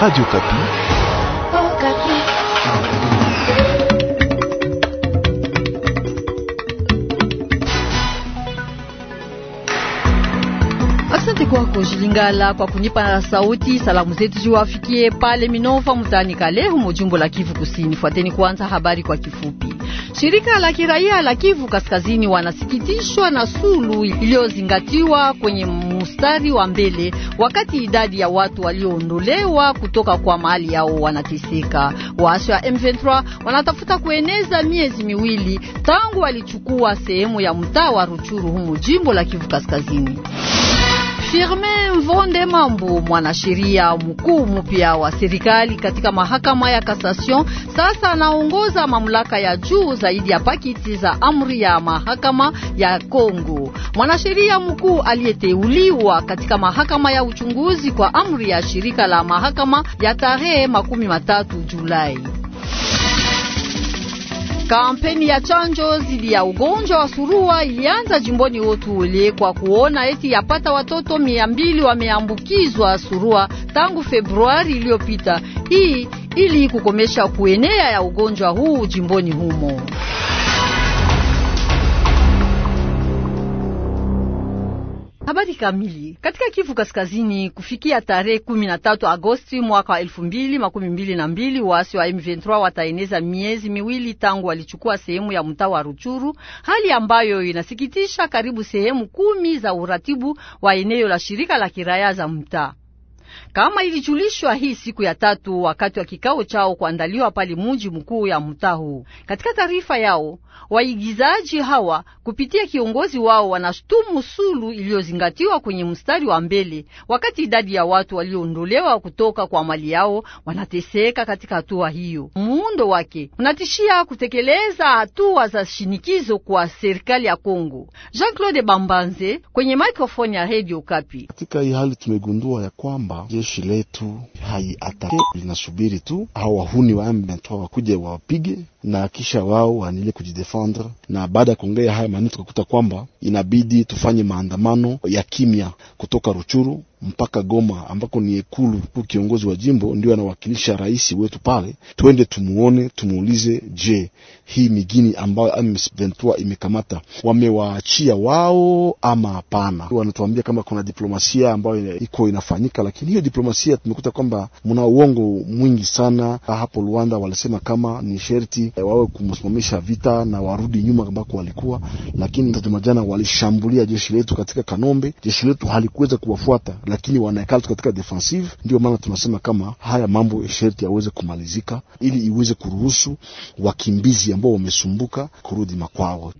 Radio Kapi. Oh, Kapi. Asante kwako Jilingala kwa kunipa sauti. Salamu zetu ziwafikie pale Minova mtaani Kalehe, mujimbo la Kivu Kusini. Fuateni kwanza habari kwa kifupi. Shirika la kiraia la Kivu Kaskazini wanasikitishwa na sulu iliyozingatiwa kwenye mstari wa mbele, wakati idadi ya watu walioondolewa kutoka kwa mahali yao wanateseka. Waasi wa M23 wanatafuta kueneza miezi miwili tangu walichukua sehemu ya mtaa wa Ruchuru humu jimbo la Kivu Kaskazini firme Mvonde Mambu, mwanasheria mkuu mpya wa serikali katika mahakama ya Cassation, sasa anaongoza mamlaka ya juu zaidi ya pakiti za amri ya mahakama ya Kongo. Mwanasheria mkuu aliyeteuliwa katika mahakama ya uchunguzi kwa amri ya shirika la mahakama ya tarehe makumi matatu Julai. Kampeni ya chanjo dhidi ya ugonjwa wa surua ilianza jimboni Otuole kwa kuona eti yapata watoto mia mbili wameambukizwa surua tangu Februari iliyopita, hii ili kukomesha kuenea ya ugonjwa huu jimboni humo. Habari kamili katika Kivu Kaskazini, kufikia tarehe 13 Agosti mwaka wa 2022 waasi wa M23 wataeneza miezi miwili tangu walichukua sehemu ya mtaa wa Ruchuru, hali ambayo inasikitisha karibu sehemu kumi za uratibu wa eneo la shirika la kiraya za mtaa kama ilijulishwa hii siku ya tatu wakati wa kikao chao kuandaliwa pale muji mkuu ya mtahu. Katika taarifa yao, waigizaji hawa kupitia kiongozi wao wanashtumu sulu iliyozingatiwa kwenye mstari wa mbele, wakati idadi ya watu walioondolewa kutoka kwa mali yao wanateseka katika hatua hiyo muundo wake unatishia kutekeleza hatua za shinikizo kwa serikali ya Kongo. Jean-Claude Bambanze kwenye mikrofoni ya Radio Kapi. Katika hii hali tumegundua ya kwamba jeshi letu haiatake, linasubiri tu au wahuni wa M23 wakuje wapige na kisha wao waanile kujidefendre. Na baada ya kuongea haya maneno, tukakuta kwamba inabidi tufanye maandamano ya kimya kutoka Ruchuru mpaka Goma ambako ni ekulu ku kiongozi wa jimbo ndio anawakilisha rais wetu pale. Twende tumuone, tumuulize, je, hii migini ambayo M23 imekamata wamewaachia wao ama hapana? Wanatuambia kama kuna diplomasia ambayo iko inafanyika, lakini hiyo diplomasia tumekuta kwamba mna uongo mwingi sana. Hapo Rwanda walisema kama ni sherti eh, wawe kumsimamisha vita na warudi nyuma ambako walikuwa, lakini jumajana walishambulia jeshi letu katika Kanombe. Jeshi letu halikuweza kuwafuata lakini wanaekala katika defensive. Ndio maana tunasema kama haya mambo sherti yaweze kumalizika, ili iweze kuruhusu wakimbizi ambao wamesumbuka kurudi makwao.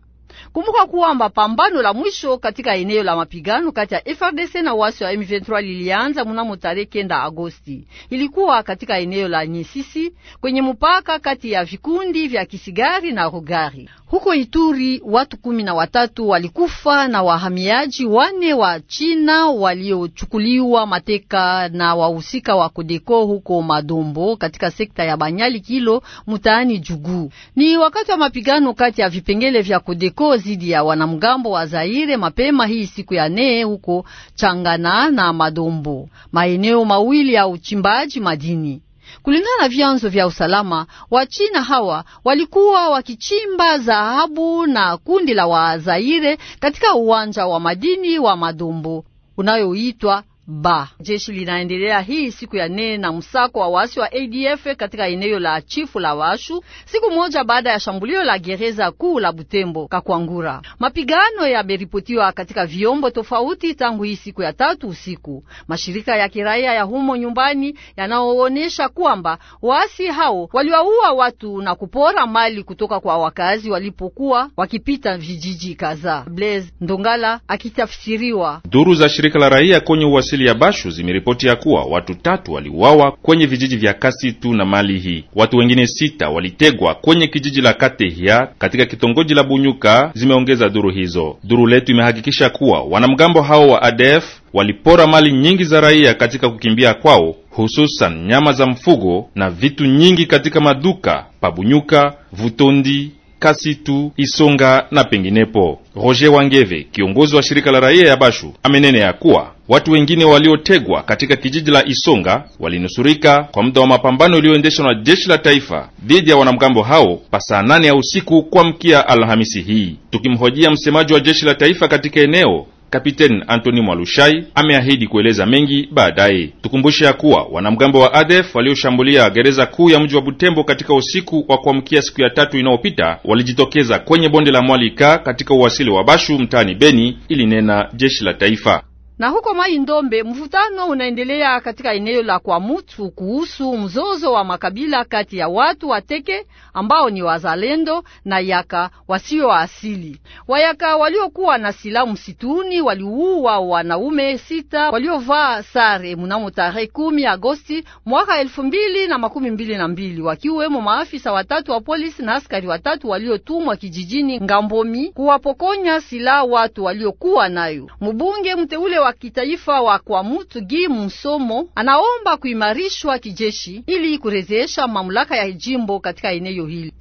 Kumbuka kuwamba pambano la mwisho katika eneo la mapigano kati ya FRDC na wasi wa M23 lilianza mnamo tarehe kenda Agosti. Ilikuwa katika eneo la Nyesisi kwenye mpaka kati ya vikundi vya Kisigari na Rugari. Huko Ituri watu kumi na watatu walikufa na wahamiaji wane wa China waliochukuliwa mateka na wahusika wa Kodeko huko Madombo katika sekta ya Banyali Kilo mtaani Jugu. Ni wakati wa mapigano kati ya vipengele vya Kodeko zidi ya wanamgambo wa Zaire mapema hii siku ya nne huko Changana na Madombo, maeneo mawili ya uchimbaji madini. Kulingana na vyanzo vya usalama, Wachina hawa walikuwa wakichimba dhahabu na kundi la Wazaire katika uwanja wa madini wa Madumbu unayoitwa Ba jeshi linaendelea hii siku ya nne na msako wa waasi wa ADF katika eneo la chifu la Washu, siku moja baada ya shambulio la gereza kuu la Butembo Kakwangura. Mapigano yameripotiwa katika vyombo tofauti tangu hii siku ya tatu usiku. Mashirika ya kiraia ya humo nyumbani yanaoonyesha kwamba waasi hao waliwaua watu na kupora mali kutoka kwa wakazi walipokuwa wakipita vijiji kadhaa. Blaise Ndongala akitafsiriwa duru za shirika la raia kwenye uwasi asili ya Bashu zimeripotia kuwa watu tatu waliuawa kwenye vijiji vya Kasitu na mali hii. Watu wengine sita walitegwa kwenye kijiji la Katehia katika kitongoji la Bunyuka, zimeongeza duru hizo. Duru letu imehakikisha kuwa wanamgambo hao wa ADF walipora mali nyingi za raia katika kukimbia kwao, hususan nyama za mfugo na vitu nyingi katika maduka Pabunyuka, Vutondi Kasitu, Isonga na penginepo. Roger Wangeve, kiongozi wa shirika la raia ya Bashu, amenene ya kuwa watu wengine waliotegwa katika kijiji la Isonga walinusurika kwa muda wa mapambano yaliyoendeshwa na jeshi la taifa dhidi ya wanamgambo hao pa saa nane ya usiku kwa mkia Alhamisi hii. Tukimhojia msemaji wa jeshi la taifa katika eneo Kapiteni Anthony Mwalushai ameahidi kueleza mengi baadaye. Tukumbushe ya kuwa wanamgambo wa ADF walioshambulia gereza kuu ya mji wa Butembo katika usiku wa kuamkia siku ya tatu inayopita walijitokeza kwenye bonde la Mwalika katika uwasili wa Bashu mtaani Beni, ilinena jeshi la taifa. Na huko Mai Ndombe, mvutano unaendelea katika eneo la mutu kuhusu mzozo wa makabila kati ya watu wa Teke ambao ni wazalendo na Yaka wasio wa asili. Wayaka waliokuwa na silaha msituni waliua wanaume sita waliovaa sare mnamo tarehe kumi Agosti mwaka elfu mbili na makumi mbili na mbili, wakiwemo maafisa watatu wa polisi na askari watatu waliotumwa kijijini Ngambomi kuwapokonya silaha watu waliokuwa nayo. Mbunge mteule wa kitaifa wa Kwamutu Gi Musomo anaomba kuimarishwa kijeshi ili kurejesha mamlaka ya jimbo katika eneo hili.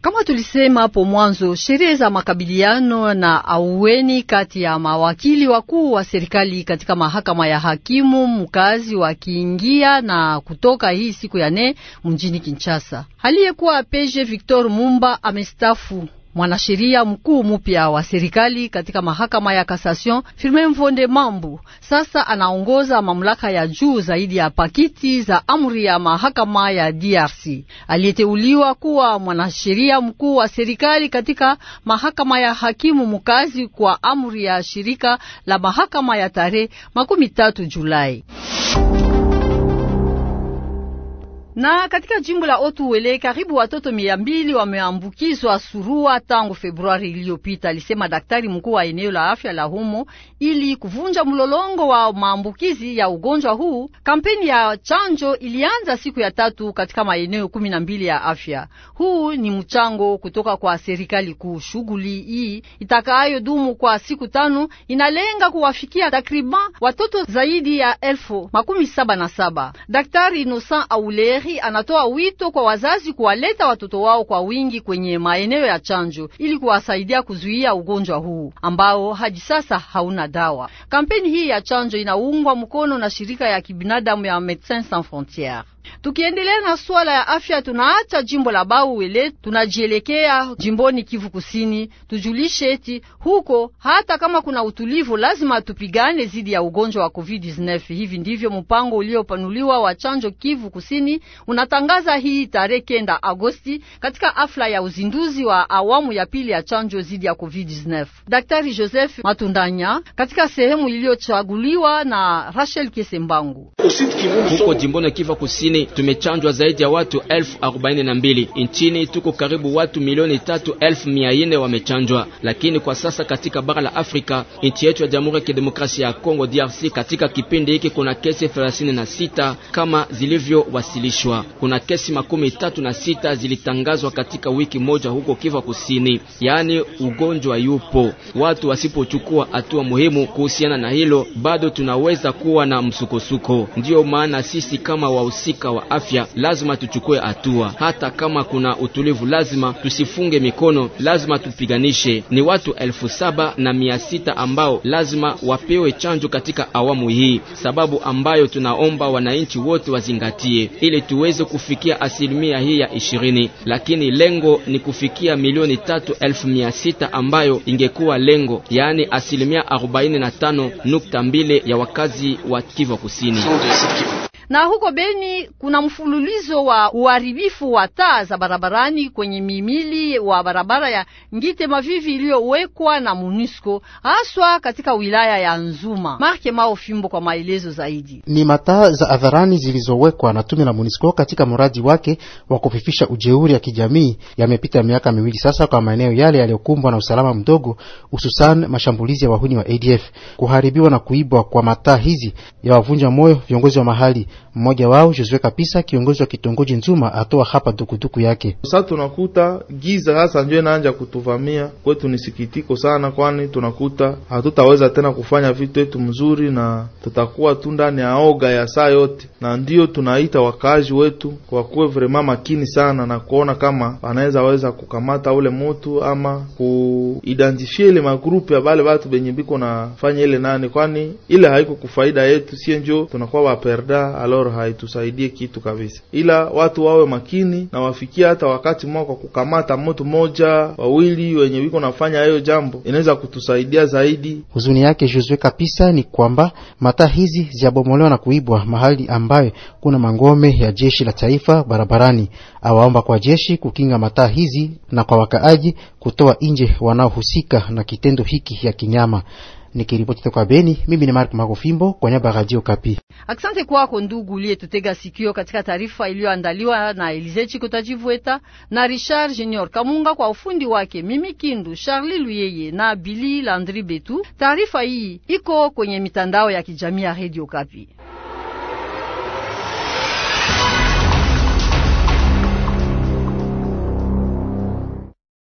Kama tulisema hapo mwanzo, sheria za makabiliano na aueni kati ya mawakili wakuu wa serikali katika mahakama ya hakimu mkazi wa kiingia na kutoka hii siku ya nne mjini Kinshasa. Aliyekuwa peje Victor Mumba amestafu mwanasheria mkuu mpya wa serikali katika mahakama ya Cassation Firmin Mvonde Mambu sasa anaongoza mamlaka ya juu zaidi ya pakiti za amri ya mahakama ya DRC. Aliyeteuliwa kuwa mwanasheria mkuu wa serikali katika mahakama ya hakimu mkazi kwa amri ya shirika la mahakama ya tarehe makumi tatu Julai. Na katika jimbo la Otuwele karibu watoto mia mbili wameambukizwa surua tangu Februari iliyopita, alisema daktari mkuu wa eneo la afya la humo. Ili kuvunja mlolongo wa maambukizi ya ugonjwa huu, kampeni ya chanjo ilianza siku ya tatu katika maeneo kumi na mbili ya afya. Huu ni mchango kutoka kwa serikali kuu. Shughuli hii itakayodumu kwa siku tano inalenga kuwafikia takriban watoto zaidi ya elfu makumi saba na saba. Daktari Innocent Auleri Daktari anatoa wito kwa wazazi kuwaleta watoto wao kwa wingi kwenye maeneo ya chanjo ili kuwasaidia kuzuia ugonjwa huu ambao hadi sasa hauna dawa. Kampeni hii ya chanjo inaungwa mkono na shirika ya kibinadamu ya Medecins Sans Frontieres. Tukiendelea na swala ya afya, tunaacha jimbo la Bauwele, tunajielekea jimboni Kivu Kusini. Tujulishe eti huko, hata kama kuna utulivu, lazima tupigane zidi ya ugonjwa wa COVID-19. Hivi ndivyo mpango uliopanuliwa wa chanjo Kivu Kusini unatangaza hii tarehe kenda Agosti katika afla ya uzinduzi wa awamu ya pili ya chanjo zidi ya COVID-19. Daktari Joseph Matundanya katika sehemu iliyochaguliwa na Rachel Kesembangu huko jimboni Kivu Kusini duniani tumechanjwa zaidi ya watu elfu arobaini na mbili nchini, tuko karibu watu milioni tatu elfu mia nne wamechanjwa. Lakini kwa sasa katika bara la Afrika, nchi yetu ya Jamhuri ya Kidemokrasia ya Kongo DRC, katika kipindi hiki kuna kesi 36 kama zilivyowasilishwa. Kuna kesi makumi tatu na sita zilitangazwa katika wiki moja huko kiva Kusini, yaani ugonjwa yupo. Watu wasipochukua hatua muhimu kuhusiana na hilo, bado tunaweza kuwa na msukosuko. Ndiyo maana sisi kama wahusika uhakika wa afya, lazima tuchukue hatua. Hata kama kuna utulivu, lazima tusifunge mikono, lazima tupiganishe. Ni watu elfu saba na mia sita ambao lazima wapewe chanjo katika awamu hii, sababu ambayo tunaomba wananchi wote wazingatie ili tuweze kufikia asilimia hii ya ishirini, lakini lengo ni kufikia milioni tatu elfu mia sita ambayo ingekuwa lengo, yaani asilimia arobaini na tano nukta mbili ya wakazi wa Kivu Kusini. Na huko Beni kuna mfululizo wa uharibifu wa taa za barabarani kwenye mimili wa barabara ya Ngite Mavivi iliyowekwa na MONUSCO haswa katika wilaya ya Nzuma. Marke Mao Fimbo kwa maelezo zaidi. Ni mataa za hadharani zilizowekwa na tume la MONUSCO katika mradi wake wa kufifisha ujeuri ya kijamii. Yamepita miaka miwili sasa kwa maeneo yale yaliyokumbwa na usalama mdogo, hususan mashambulizi ya wahuni wa ADF. Kuharibiwa na kuibwa kwa mataa hizi ya wavunja moyo viongozi wa mahali mmoja wao Josue Kapisa, kiongozi wa kitongoji Nzuma, atoa hapa dukuduku yake. Sasa tunakuta giza hasa njo inaanja kutuvamia kwetu, ni sikitiko sana, kwani tunakuta hatutaweza tena kufanya vitu yetu mzuri na tutakuwa tu ndani ya oga ya saa yote na ndiyo tunaita wakazi wetu wakuwe vrema makini sana na kuona kama wanaweza weza kukamata ule mutu ama kuidentifie ile magrupu ya bale batu benye biko nafanya ile nani, kwani ile haiko kufaida yetu, sie njo tunakuwa waperda, alor haitusaidie kitu kabisa. Ila watu wawe makini na wafikie hata wakati mwa kwa kukamata mutu moja wawili wenye biko nafanya hayo jambo, inaweza kutusaidia zaidi. Huzuni yake Josue Kapisa ni kwamba mata hizi ziabomolewa na kuibwa mahali amba ambaye kuna mangome ya jeshi la taifa barabarani. Awaomba kwa jeshi kukinga mataa hizi na kwa wakaaji kutoa nje wanaohusika na kitendo hiki ya kinyama. Nikiripoti toka Beni, mimi ni Mark Magofimbo kwa niaba ya Radio Kapi. Asante kwako ndugu uliyetutega sikio katika taarifa iliyoandaliwa na Elize Chikotajivueta na Richard Junior Kamunga kwa ufundi wake. Mimi Kindu Charlie Luyeye na Billy Landri Betu. Taarifa hii iko kwenye mitandao ya kijamii ya Radio Kapi.